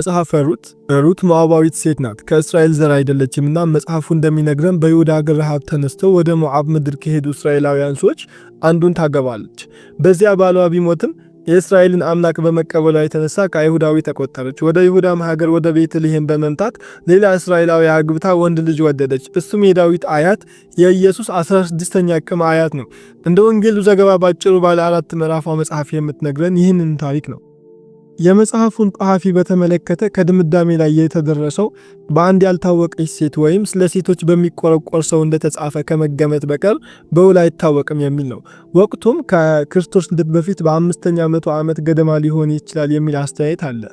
መጽሐፈ ሩት ሩት ሞዓባዊት ሴት ናት፣ ከእስራኤል ዘር አይደለችምና። መጽሐፉ እንደሚነግረን በይሁዳ ሀገር ረሃብ ተነስተው ወደ ሞዓብ ምድር ከሄዱ እስራኤላውያን ሰዎች አንዱን ታገባለች። በዚያ ባሏ ቢሞትም የእስራኤልን አምላክ በመቀበሏ የተነሳ ከአይሁዳዊ ተቆጠረች። ወደ ይሁዳም ሀገር ወደ ቤተልሔም በመምጣት ሌላ እስራኤላዊ አግብታ ወንድ ልጅ ወደደች። እሱም የዳዊት አያት የኢየሱስ 16ኛ ቅም አያት ነው። እንደ ወንጌሉ ዘገባ ባጭሩ ባለ አራት ምዕራፏ መጽሐፍ የምትነግረን ይህንን ታሪክ ነው። የመጽሐፉን ጸሐፊ በተመለከተ ከድምዳሜ ላይ የተደረሰው በአንድ ያልታወቀች ሴት ወይም ስለ ሴቶች በሚቆረቆር ሰው እንደተጻፈ ከመገመት በቀር በውል አይታወቅም የሚል ነው። ወቅቱም ከክርስቶስ ልደት በፊት በአምስተኛ መቶ ዓመት ገደማ ሊሆን ይችላል የሚል አስተያየት አለ።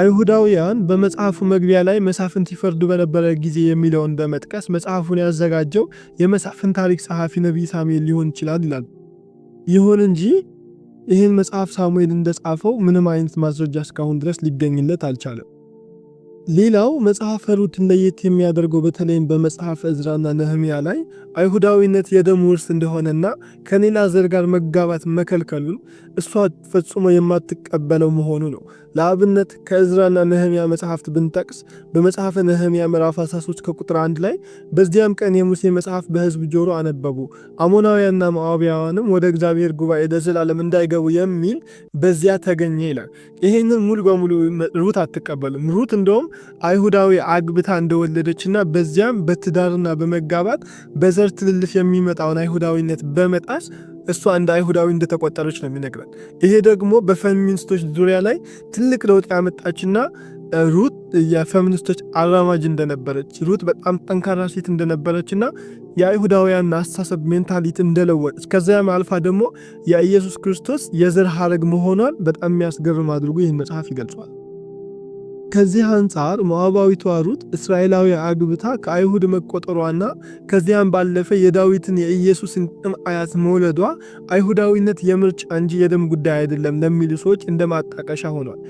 አይሁዳውያን በመጽሐፉ መግቢያ ላይ መሳፍንት ይፈርዱ በነበረ ጊዜ የሚለውን በመጥቀስ መጽሐፉን ያዘጋጀው የመሳፍንት ታሪክ ጸሐፊ ነቢይ ሳሙኤል ሊሆን ይችላል ይላል። ይሁን እንጂ ይህን መጽሐፍ ሳሙኤል እንደጻፈው ምንም አይነት ማስረጃ እስካሁን ድረስ ሊገኝለት አልቻለም። ሌላው መጽሐፈ ሩትን ለየት የሚያደርገው በተለይም በመጽሐፍ እዝራና ነህሚያ ላይ አይሁዳዊነት የደም ውርስ እንደሆነና ከሌላ ዘር ጋር መጋባት መከልከሉን እሷ ፈጽሞ የማትቀበለው መሆኑ ነው። ለአብነት ከእዝራና ነህምያ መጽሐፍት ብንጠቅስ በመጽሐፈ ነህምያ ምዕራፍ 13 ከቁጥር 1 ላይ በዚያም ቀን የሙሴ መጽሐፍ በሕዝብ ጆሮ አነበቡ፣ አሞናውያንና ሞዓባውያንም ወደ እግዚአብሔር ጉባኤ ለዘላለም እንዳይገቡ የሚል በዚያ ተገኘ ይላል። ይህንን ሙሉ በሙሉ ሩት አትቀበልም። ሩት እንደውም አይሁዳዊ አግብታ እንደወለደችና በዚያም በትዳርና በመጋባት በዘ ዘር ትልልፍ የሚመጣውን አይሁዳዊነት በመጣስ እሷ እንደ አይሁዳዊ እንደተቆጠረች ነው የሚነግረን። ይሄ ደግሞ በፌሚኒስቶች ዙሪያ ላይ ትልቅ ለውጥ ያመጣችና ሩት የፌሚኒስቶች አራማጅ እንደነበረች ሩት በጣም ጠንካራ ሴት እንደነበረችና የአይሁዳውያን አስተሳሰብ ሜንታሊቲ እንደለወጠች ከዚያም አልፋ ደግሞ የኢየሱስ ክርስቶስ የዘር ሀረግ መሆኗን በጣም የሚያስገርም አድርጎ ይህን መጽሐፍ ይገልጸዋል። ከዚህ አንጻር ሞዓባዊቷ ሩት እስራኤላዊ አግብታ ከአይሁድ መቆጠሯና ከዚያም ባለፈ የዳዊትን የኢየሱስን ጥም አያት መውለዷ አይሁዳዊነት የምርጫ እንጂ የደም ጉዳይ አይደለም ለሚሉ ሰዎች እንደ ማጣቀሻ ሆኗል።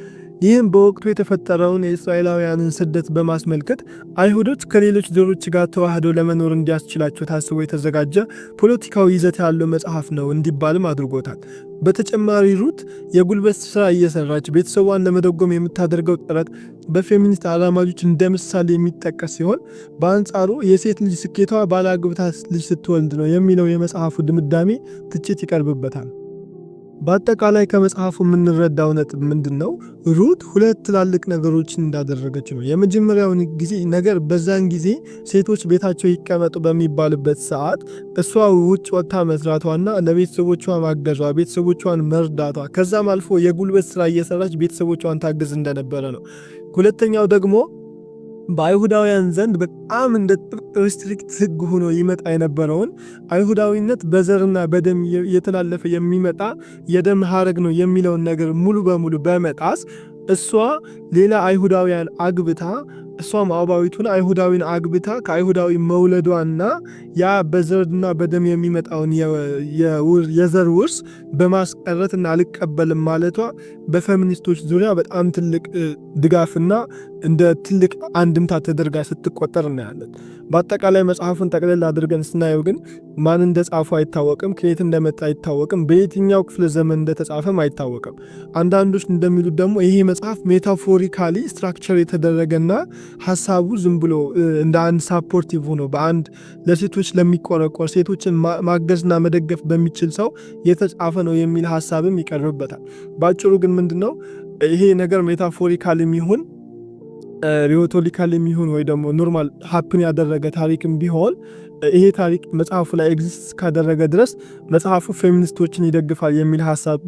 ይህም በወቅቱ የተፈጠረውን የእስራኤላውያንን ስደት በማስመልከት አይሁዶች ከሌሎች ዘሮች ጋር ተዋህዶ ለመኖር እንዲያስችላቸው ታስቦ የተዘጋጀ ፖለቲካዊ ይዘት ያለው መጽሐፍ ነው እንዲባልም አድርጎታል። በተጨማሪ ሩት የጉልበት ስራ እየሰራች ቤተሰቧን ለመደጎም የምታደርገው ጥረት በፌሚኒስት አራማጆች እንደ ምሳሌ የሚጠቀስ ሲሆን በአንጻሩ የሴት ልጅ ስኬቷ ባላግብታ ልጅ ስትወልድ ነው የሚለው የመጽሐፉ ድምዳሜ ትችት ይቀርብበታል። በአጠቃላይ ከመጽሐፉ የምንረዳው ነጥብ ምንድን ነው? ሩት ሁለት ትላልቅ ነገሮችን እንዳደረገች ነው። የመጀመሪያውን ጊዜ ነገር በዛን ጊዜ ሴቶች ቤታቸው ይቀመጡ በሚባልበት ሰዓት እሷ ውጭ ወጥታ መስራቷና ለቤተሰቦቿ ማገዟ፣ ቤተሰቦቿን መርዳቷ ከዛም አልፎ የጉልበት ስራ እየሰራች ቤተሰቦቿን ታግዝ እንደነበረ ነው። ሁለተኛው ደግሞ በአይሁዳውያን ዘንድ በጣም እንደ ጥብቅ ሪስትሪክት ህግ ሆኖ ይመጣ የነበረውን አይሁዳዊነት በዘርና በደም የተላለፈ የሚመጣ የደም ሀረግ ነው የሚለውን ነገር ሙሉ በሙሉ በመጣስ እሷ ሌላ አይሁዳውያን አግብታ እሷም ሞዓባዊቱን አይሁዳዊን አግብታ ከአይሁዳዊ መውለዷና ያ በዘርና በደም የሚመጣውን የዘር ውርስ እና አልቀበልም ማለቷ በፌሚኒስቶች ዙሪያ በጣም ትልቅ ድጋፍና እንደ ትልቅ አንድምታ ተደርጋ ስትቆጠር እናያለን። በአጠቃላይ መጽሐፉን ጠቅለል አድርገን ስናየው ግን ማን እንደጻፉ አይታወቅም፣ ከየት እንደመጣ አይታወቅም፣ በየትኛው ክፍለ ዘመን እንደተጻፈም አይታወቅም። አንዳንዶች እንደሚሉት ደግሞ ይሄ መጽሐፍ ሜታፎሪካሊ ስትራክቸር የተደረገና ሀሳቡ ዝም ብሎ እንደ አንድ ሳፖርቲቭ ሆኖ በአንድ ለሴቶች ለሚቆረቆር ሴቶችን ማገዝና መደገፍ በሚችል ሰው የተጻፈ ነው የሚል ሀሳብም ይቀርብበታል። በአጭሩ ግን ምንድነው ይሄ ነገር ሜታፎሪካል የሚሆን ሪዮቶሊካል የሚሆን ወይ ደግሞ ኖርማል ሀፕን ያደረገ ታሪክም ቢሆን ይሄ ታሪክ መጽሐፉ ላይ ኤግዚስት እስካደረገ ድረስ መጽሐፉ ፌሚኒስቶችን ይደግፋል የሚል ሀሳብ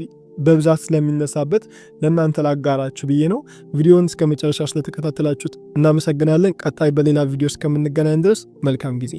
በብዛት ስለሚነሳበት ለእናንተ ላጋራችሁ ብዬ ነው። ቪዲዮን እስከ መጨረሻ ስለተከታተላችሁት እናመሰግናለን። ቀጣይ በሌላ ቪዲዮ እስከምንገናኝ ድረስ መልካም ጊዜ